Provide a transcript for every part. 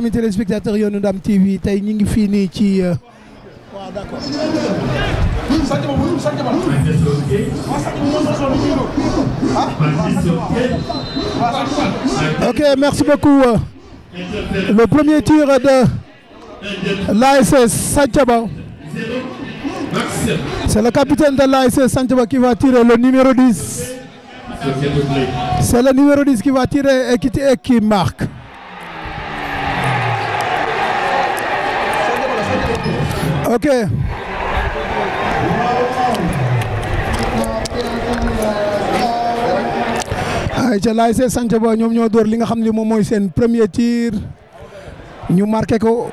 mes téléspectateurs il TV une dame ngi euh, ah? ok merci beaucoup euh, le premier tir de l'ASS Santiago. c'est le capitaine de l'ASS Santiago qui va tirer le numéro 10 c'est le numéro 10 qui va tirer et qui marque ok ay ca laay see sanc ba ñoom ñoo dóor li nga xam ne moom mooy seen premier tir ñu marqué ko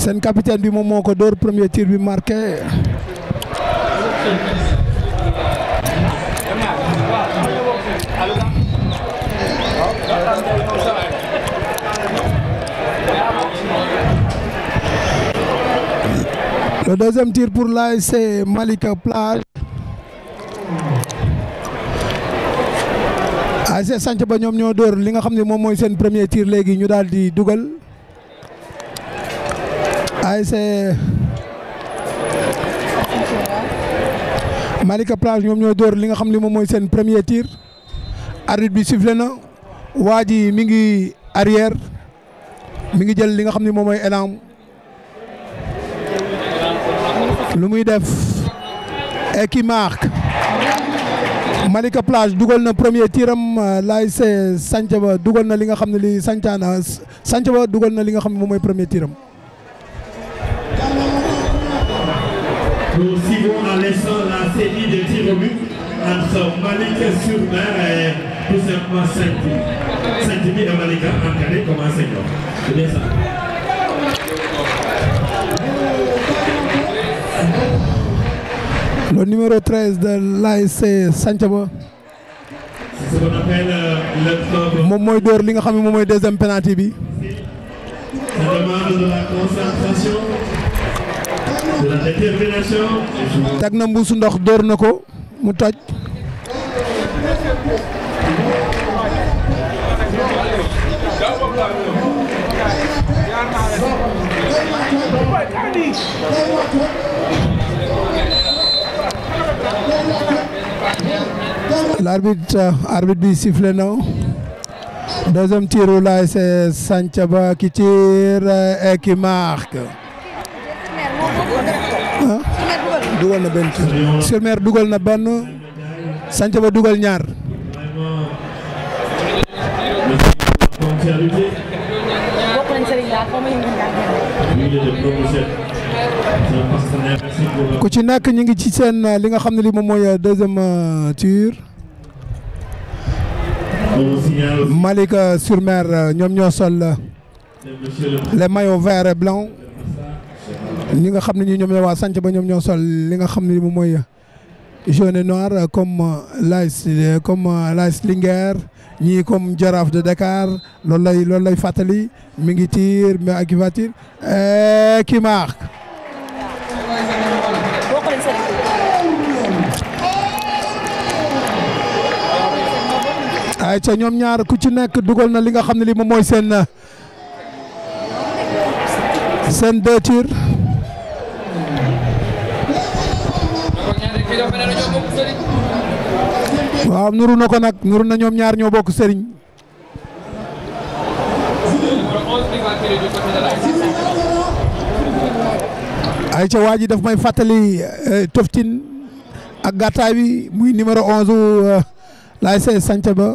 seen capitaine bi moom moo ko dóor premier tir bi marqué Le deuxième tir pour c'est Malika Plage. ASC Sanc ba ñoom ñoo dóor li nga xam premier tir léegi ñu de Dougal. dugal ASC Malika Plage ñoom ñoo dóor li nga savez premier tir arbitre bi sifflé na waa arrière Mingi ngi jël li nga xam c'est lu def et qui marque Malika Plage Dougal, na premier tir, euh, là c'est Santhiaba Dougal, na li nga xam ne li Santhiana premier tir. Nous suivons en laissant la série de tirs au but entre Malika sur mer et tout simplement Saint-Denis. Saint-Denis et Malika encadrés comme enseignants. C'est bien ça. le numéro 13 de l'ASC Santhiaba moom mooy dóor li nga xam ne moom mooy deuxième penalty bi. teg na mbuusu ndox dóor na ko mu toj. l'arbitre arbitre bi sifflé na tir u l'ASC Santhiaba qui tire euh, et qui dugal na benn tir sur dugal ñaar ko ci nak ñi euh, euh, deuxième euh, tour Malik sur mer ñom ñoo sol les maillots vert et blanc ñi nga ñi jaune et noir comme l'AS comme comme Giraffe de Dakar Lolay lay fatali. mi qui qui marque ay ca ñoom ñaar ku ci nekk dugal na li nga xam ne li moom mooy seen seen deux waaw nuru na ko nag nuru na ñoom ñaar ñoo bokk sëriñ ay ca waa ji daf may fàttali eh, toftin ak gàttaay bi muy numéro onze eh, laay see sanc ba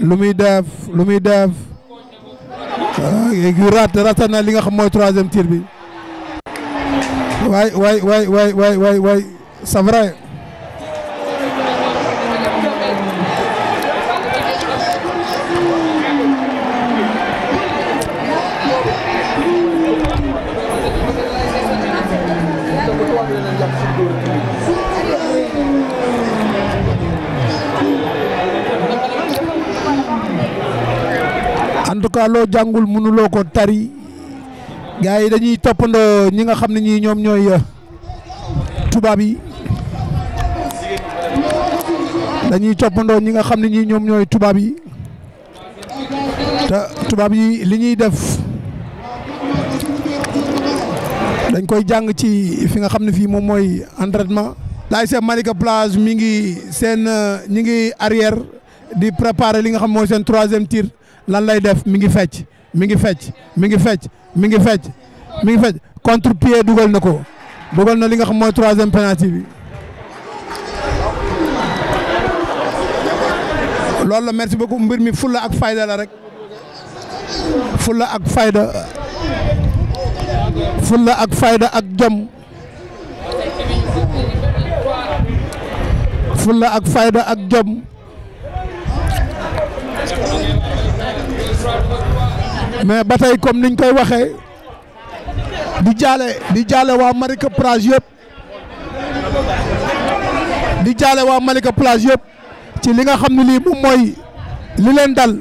lu muy def lu muy def gu ah, raat raata na li nga xam mooy troisième tir bi waay waay waay waay waay waay c'est vrai tout jàngul mënuloo ko tari gars yi dañuy toppandoo ñi nga xam ne ñii ñoom ñooy euh, tubaab yi dañuy toppandoo ñi nga xam ne ñii ñoom ñooy tubaab yi te tubaab yi li ñuy def dañ koy jàng ci fi nga xam ne fii moom mooy entraînement. laay seen Malika Plage mi ngi seen euh, ñi ngi arrière di préparer li nga xam mooy seen troisième tir. lan lay def mi ngi fecc mi ngi fecc mi ngi fecc mi ngi fecc mi ngi fecc contre pied dugal na ko dugal na li nga xam mooy troisième penalty bi loolu la merci beaucoup mbir mi fulla ak faydala rek fulla ak fayda fulla ak fayda ak jom fulla ak fayda ak jom mais ba tey comme niñ koy waxee di jaale di jaale waa Malika plage yëpp di jaale waa Malika plage yëpp ci li nga xam ne lii moom mooy li leen dal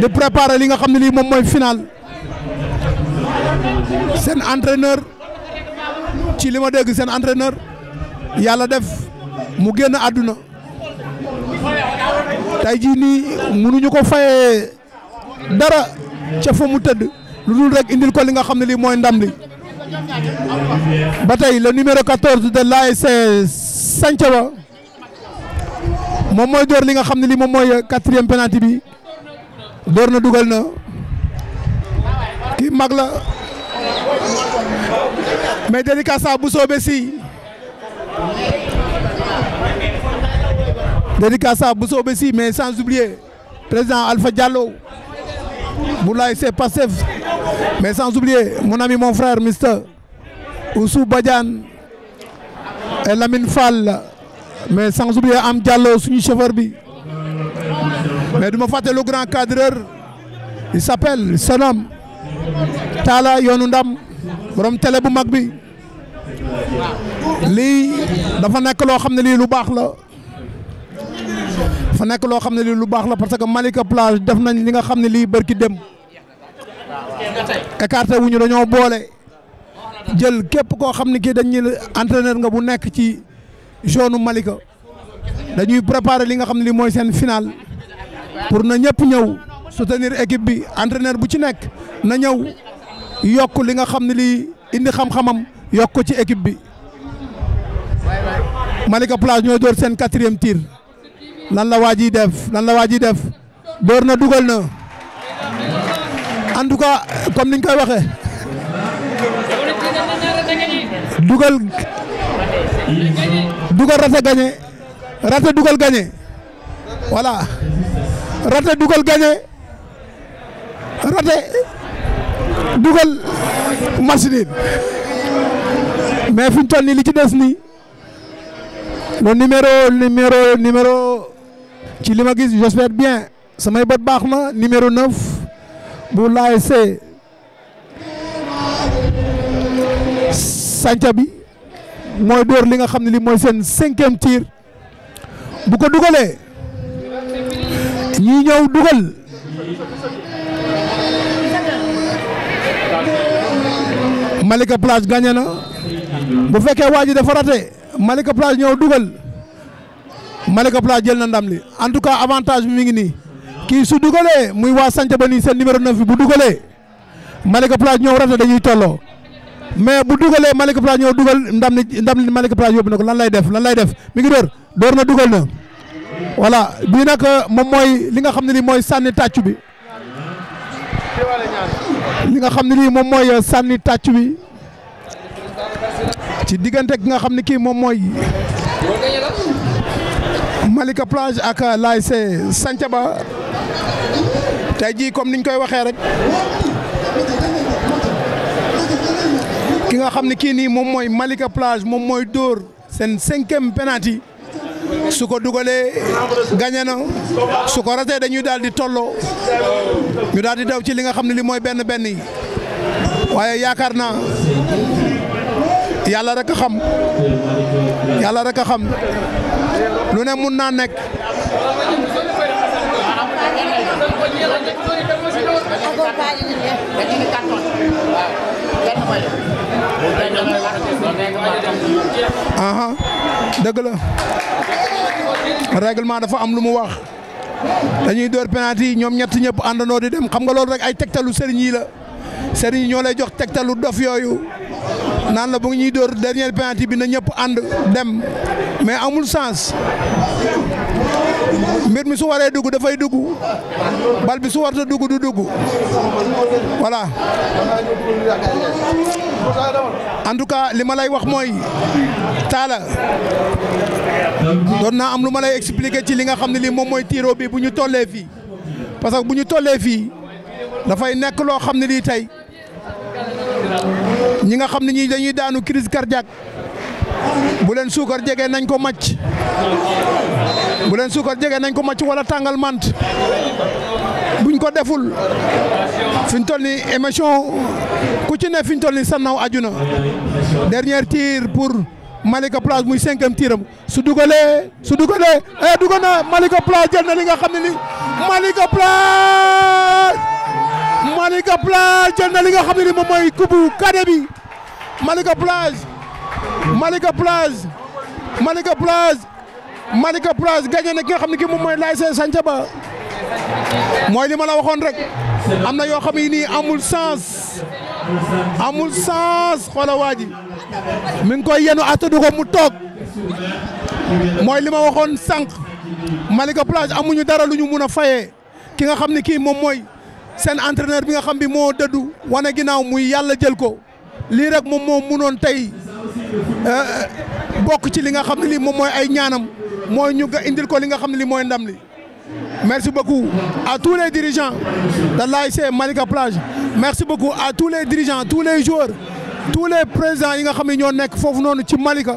di préparer li nga xam ne lii moom mooy final seen entraîneur ci li ma dégg seen entraîneur yàlla def mu génn àdduna tey jii nii mënuñu ko fayee dara ca fa rek indil ko le numéro 14 de l'AS saint moom moy door li nga quatrième penalty bi door na dugal na ki mag la mais dédicace à Bousso si dédicace à mais sans oublier président Alpha Diallo Boulaye c'est passif. Mais sans oublier mon ami, mon frère, Mr. Oussou Badian, et Lamine Fall. Mais sans oublier Am Diallo, chef Cheverbi. Mais de me faire le grand cadreur, il s'appelle, il homme, Tala Yonundam, Rom Telebou Magbi. il dafa nekk loo xam ne lii lu baax la fa nekk loo xam ne lii lu baax la parce que Malika plage def nañ li nga xam ne lii bërki dem écarté ñu dañoo boole jël képp koo xam ne kii dañuy entraîneur nga bu nekk ci zone Malika dañuy préparer li nga xam ne lii mooy seen final pour na ñëpp ñëw soutenir équipe bi entraîneur bu ci nekk na ñëw yokk li nga xam ne lii indi xam-xamam yokk ci équipe bi Malika plage ñoo door seen quatrième tir lan la waa ji def lan la waa ji def door na dugal na en tout cas comme niñ koy waxee dugal dugal rate gagné rate dugal gagné voilà rate dugal gagné rate dugal match nul mais fi mu toll nii li ci des nii le numéro ci li gis je souhaite bien samay bët baax na numéro 9 bu laay see sànca bi mooy dóor li nga xam li mooy seen cinquième tir bu ko dugalee ñi ñëw dugal Malika Plage gagné na bu fekkee waa ji dafa raté Malika Plage ñëw dugal Malika Pla jël na ndam li en tout cas avantage bi mi ngi nii kii su dugalee muy waa Sanca ba nii seen numéro 9 bi bu dugalee Malika Pla ñoom rafet dañuy tolloo mais bu dugalee Malika Pla ñëw dugal ndam li ndam li Malika Pla yóbbu na ko lan lay def lan lay def mi ngi dóor dóor na dugal na voilà bii nag euh, moom mooy li nga xam ne nii mooy sànni tàcc bi li nga xam ne nii moom mooy euh, sànni tàcc bi ci diggante ki nga xam ne kii moom mooy. Malika Plage ak l'ASC Santhiaba tey jii comme niñ koy waxee rek ki nga xam ne kii nii moom mooy Malika Plage moom mooy dóor seen cinquième penalty su ko dugalee gagné na su ko ratee dañuy daal di tolloo ñu daal di daw ci li nga xam ne li mooy benn benn yi waaye yaakaar na yàlla rek a xam yàlla rek a xam. lu ne mun naa nekk aha dëgg la règlement dafa am lu mu wax dañuy door penalty yi ñoom ñett ñëpp àndandoo di dem xam nga loolu rek ay tegtalu sëriñ la sëriñ ñoo lay jox tegtalu dof yooyu naan la bu ngi ñuy dóor dernier penalty bi na ñëpp ànd dem mais amul sens mbir mi su waree dugg dafay dugg bal bi su warta dugg du dugg voilà en tout cas li ma lay wax mooy taala doon naa am lu ma lay expliquer ci li nga xam ne lii moom mooy tiro bi bu ñu tollee fii parce que bu ñu tollee fii dafay nekk loo xam ne lii tey ñi nga xam ne ñi dañuy daanu crise cardiaque bu leen suukar jege nañ ko màcc bu leen suukar jege nañ ko màcc wala tàngal mant buñ ko deful fi ñu toll ni émission ku ci ne fi ñu toll ni sannaw ajuna dernier tir pour Malika Place muy cinquième tiram su dugalee su dugalee eh dugal na Malika Place jal na li nga xam ne li Malika Place Malika Plage jël na li nga xam ne ni moom mooy kubu kade bi Malika Plage Malika Plage Malika Plage Malika Plage gagné na ki nga xam ne ki moom mooy laay see Santhiaba mooy li ma waxoon rek am na yoo xam ne nii amul sens amul sens xoola waa ji mi ngi koy yenu atadu ko mu toog mooy li ma waxoon sànq Malika Plage amuñu dara lu ñu mun a fayee ki nga xam ne kii moom mooy seen entraîneur bi nga xam bi moo dëddu wane ginnaaw muy yàlla jël ko lii rek moom moo mu noon tey euh, euh, bokk ci li nga xam ne lii moom mooy ay ñaanam mooy ñu indil ko li nga xam ne lii mooy ndam li merci beaucoup à tous les dirigeants de l'ASC Malika Plage merci beaucoup à tous les dirigeants tous les joueurs tous les présidents yi nga xam ne ñoo nekk foofu noonu ci Malika